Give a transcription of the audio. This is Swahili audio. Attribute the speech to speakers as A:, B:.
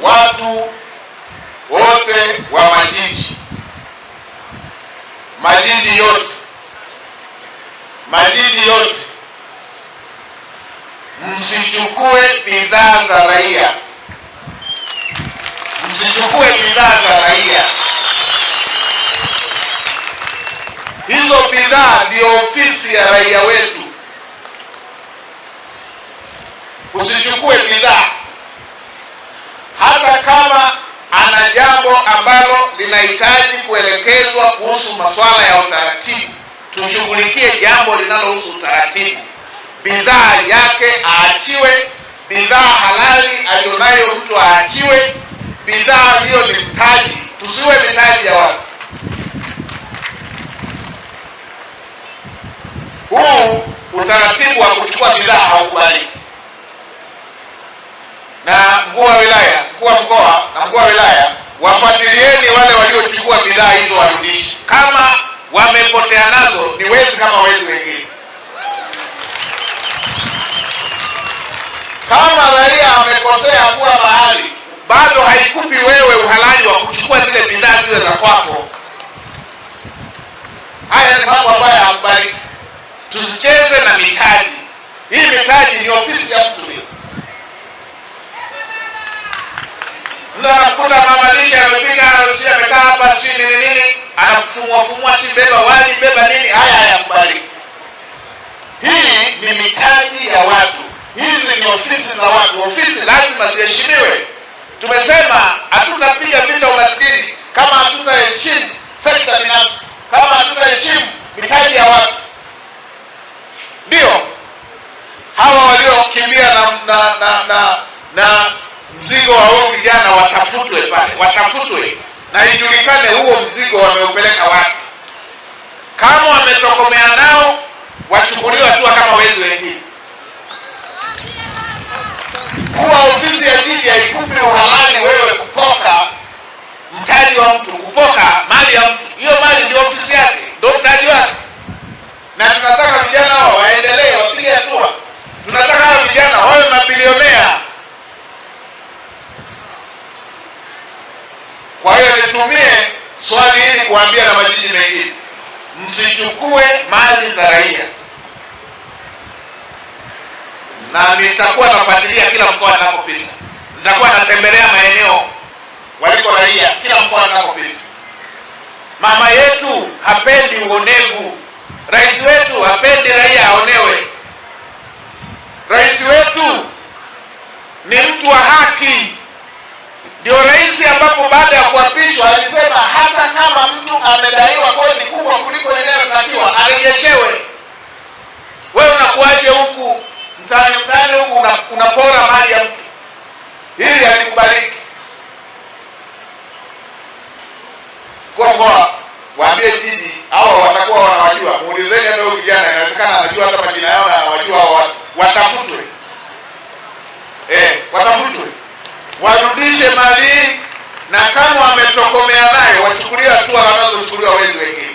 A: watu wote wa majiji, majiji yote, majiji yote, msichukue bidhaa za raia, msichukue bidhaa za raia. Hizo bidhaa ndio ofisi ya raia wetu. Usichukue bidhaa hata kama ana jambo ambalo linahitaji kuelekezwa kuhusu masuala ya utaratibu, tushughulikie jambo linalohusu utaratibu. Bidhaa yake aachiwe, bidhaa halali aliyonayo mtu aachiwe, bidhaa hiyo ni mtaji, tusiwe mitaji ya watu. Huu utaratibu wa kuchukua bidhaa haukubaliki na mkuu wa wilaya, mkuu wa mkoa na mkuu wa wilaya, wafuatilieni wale waliochukua bidhaa hizo, warudishe. Kama wamepotea nazo, ni wezi kama wezi wengine. Kama raia amekosea kuwa mahali, bado haikupi wewe uhalali wa kuchukua zile bidhaa zile za kwako. Haya ni mambo ambayo hambariki. Tusicheze na mitaji hii. Mitaji ni ofisi ya mtu. unakuta mama lisha amepika harusi amekaa hapa si nini nini, anafumua fumua, si beba wali beba nini. Haya hayakubaliki. Hii ni mitaji ya watu, hizi ni ofisi za watu. Ofisi lazima ziheshimiwe. Tumesema hatutapiga vita umaskini kama hatutaheshimu sekta binafsi, kama hatutaheshimu mitaji ya watu. Ndio hawa waliokimbia na na na, na, na mzigo wa vijana watafutwe pale, watafutwe na ijulikane huo mzigo wameupeleka wapi. Kama wametokomea nao, wachukuliwe hatua kama wezi wengine. Kuwa ofisi ya jiji haikupi uhalali Kwa hiyo nitumie swali hili kuambia na majiji mengine, msichukue mali za raia, na nitakuwa nafuatilia kila mkoa ninapopita, nitakuwa natembelea maeneo waliko raia kila mkoa ninapopita. Mama yetu hapendi uonevu, rais wetu hapendi raia aonewe. Rais wetu ni mtu wa haki. Ndio rais ambapo baada ya kuapishwa alisema hata kama mtu amedaiwa kodi kubwa kuliko inayotakiwa arejeshewe. Wewe unakuaje huku mtaani mtaani huku unapora mali ya mtu? Hili halikubaliki. Komboa waambie jiji hao, watakuwa wanawajua. Muulizeni hata huyu kijana, inawezekana anajua hata majina yao na anawajua Watafutwe eh, watafutwe warudishe mali, na kama wametokomea nayo wachukuliwe hatua wanazochukuliwa wezi wengine.